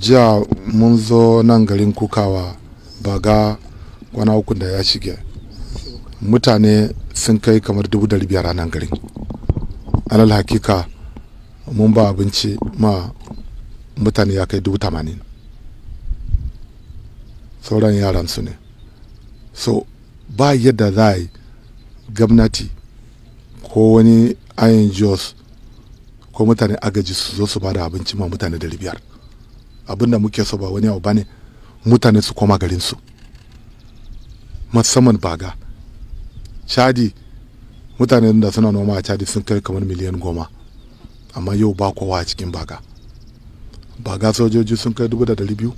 jiya mun zo nan garin kukawa baga kwana uku da ya shige mutane sun kai kamar dubu da biyar a nan garin alal hakika mun ba abinci ma mutane ya kai dubu tamanin sauran yaran su ne so ba yadda za a yi gwamnati ko wani ayin jos ko mutane agaji su zo su ba da abinci ma mutane da biyar abin da muke so ba wani abu bane mutane su koma garinsu musamman baga chadi mutane da suna noma a chadi sun kai kamar miliyan goma amma yau ba kowa a cikin baga baga sojoji sun kai dubu da dari biyu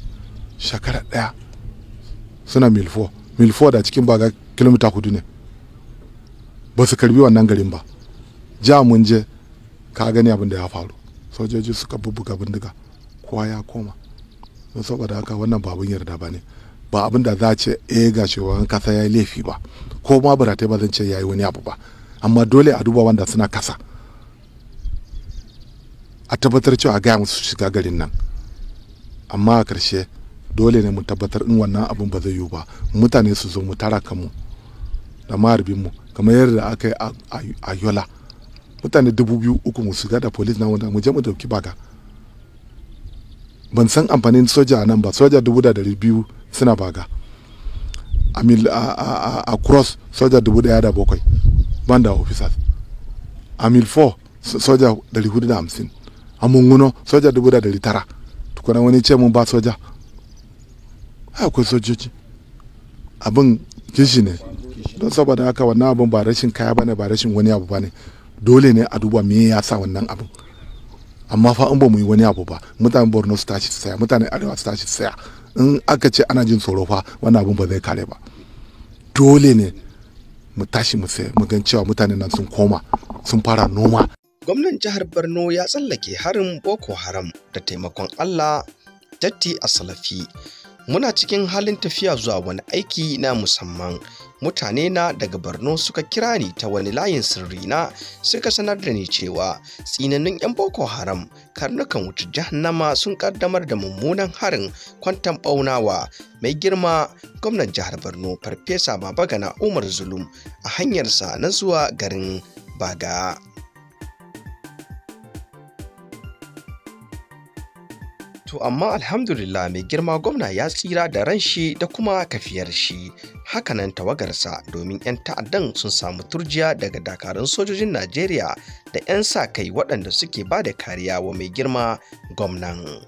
shekara ɗaya suna milfo milfo da cikin baga kilomita hudu ne ba su karbi wannan garin ba ja mun je ka gani abin da ya faru sojoji suka bubbuga bindiga kowa ya koma don saboda haka wannan babun yarda ba ne ba abin da za a ce e ga shugaban kasa ya yi laifi ba ko ma buratai ba zan ce ya yi wani abu ba amma dole a duba wanda suna kasa a tabbatar cewa a gaya musu shiga garin nan amma a karshe dole ne mu tabbatar in wannan abin ba zai yiwu ba mutane su zo mu tara kanmu da maharbinmu kamar yadda aka yi a yola mutane dubu biyu uku mu shiga da polis na wanda mu je mu dauki baka ban san amfanin soja a nan ba soja dubu da dari biyu suna baga a, a, a, cross soja dubu daya da bakwai ban da officers a mil 4 soja dari hudu da hamsin a munguno soja dubu da dari tara tukuna wani ce mun ba soja akwai sojoji abin kishi ne don saboda haka wannan abin ba rashin kaya ne ba rashin wani abu ne dole ne a duba me ya sa wannan abin amma fa in ba mu yi wani abu ba mutanen borno su tashi su saya mutanen arewa su tashi su saya in aka ce ana jin tsoro fa wani abin ba zai kare ba dole ne mu tashi mu saya mu gan cewa mutanen nan sun koma sun fara noma gwamnan jihar borno ya tsallake harin boko haram da taimakon allah datti a salafi muna cikin halin tafiya zuwa wani aiki na musamman mutane na daga borno suka kira ni ta wani layin sirri na suka sanar da ni cewa tsinanin 'yan boko haram karnukan wuce jahannama sun kaddamar da mummunan harin kwantan ɓaunawa mai girma gwamnan jihar borno farfesa babagana umar zulum a hanyarsa na zuwa garin baga To amma alhamdulillah mai girma gwamna ya tsira da ran shi da kuma kafiyar shi. Hakanan tawagarsa domin 'yan ta'addan sun samu turjiya daga dakarun sojojin Najeriya da 'yan sa kai waɗanda suke ba da kariya wa mai girma gwamnan.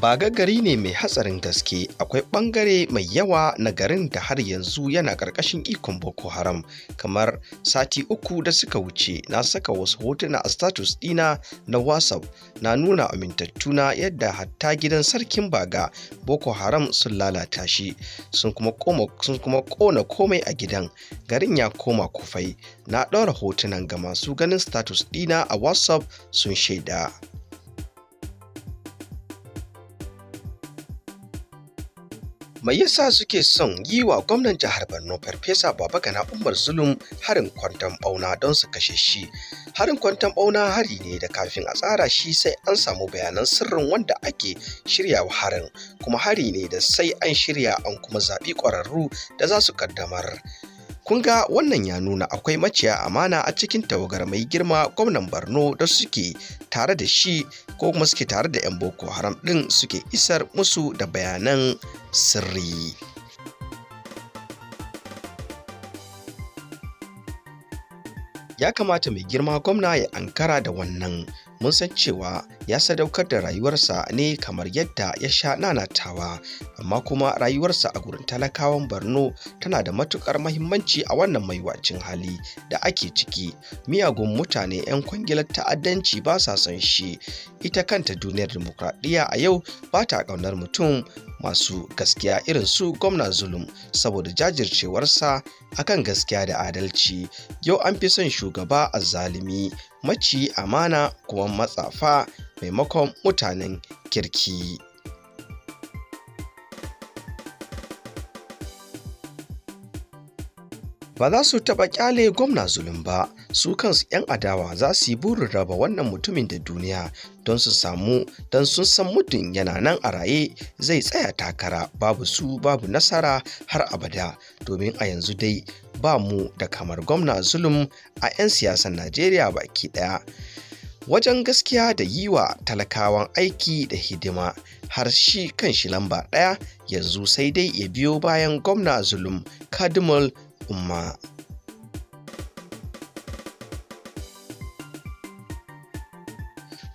Baga gari ne mai hatsarin gaske akwai ɓangare mai yawa na garin da har yanzu yana ƙarƙashin ikon Boko Haram kamar sati uku da suka wuce na saka wasu hotuna a status dina na WhatsApp na nuna amintattuna yadda hatta gidan sarkin Baga Boko Haram sun lalata shi sun kuma kona komai a gidan garin ya koma kufai na ɗora hotunan ga masu ganin status dina a WhatsApp sun shaida. mai yasa suke son yi wa gwamnan jihar borno farfesa Baba babagana umar zulum harin kwantan bauna don su kashe shi harin kwantan bauna hari ne da kafin a tsara shi sai an samu bayanan sirrin wanda ake shirya wa harin kuma hari ne da sai an shirya an kuma zaɓi ƙwararru da za su kaddamar kun ga wannan ya nuna akwai maciya amana a cikin tawagar mai girma gwamnan borno da suke tare da shi ko kuma suke tare da 'yan boko haram ɗin suke isar musu da bayanan sirri ya kamata mai girma gwamna ya ankara da wannan mun san cewa ya sadaukar da rayuwarsa ne kamar yadda ya sha nanatawa amma kuma rayuwarsa a gurin talakawan borno tana da matukar mahimmanci a wannan maiwacin hali da ake ciki miyagun mutane 'yan kwangilar ta'addanci ba sa son shi ita kanta duniyar demokradiyya a yau ba ta kaunar mutum masu gaskiya irin su gwamna zulum saboda jajircewarsa akan gaskiya da adalci yau an fi son shugaba a zalimi, maci amana kuma matsafa maimakon mutanen kirki. ba za su taɓa ƙyale gwamna zulum ba su kansu 'yan adawa za su yi burin raba wannan mutumin da duniya don su samu don sun san mutum yana nan a raye zai tsaya takara babu su babu nasara har abada domin a yanzu dai ba mu da kamar gwamna zulum a 'yan siyasan najeriya baki ɗaya wajen gaskiya da yi wa talakawan aiki da hidima har shi kan shi lamba ɗaya yanzu sai dai ya biyo bayan gwamna zulum kadimul umma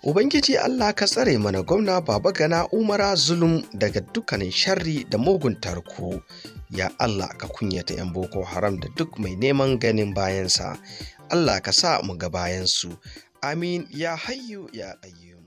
Ubangiji Allah ka tsare mana gwamna baba gana umara zulum daga dukkanin sharri da mugun tarko. Ya Allah ka kunyata 'yan Boko Haram da duk mai neman ganin bayansa. Allah ka sa mu ga bayansu. I mean, yeah, hi you, yeah, you.